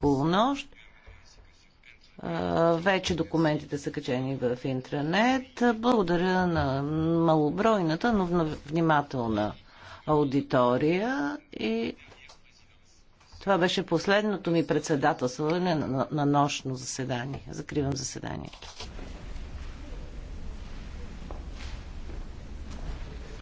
полунощ. Вече документите са качени в интернет. Благодаря на малобройната, но внимателна аудитория и това беше последното ми председателство на, на нощно заседание. Закривам заседанието.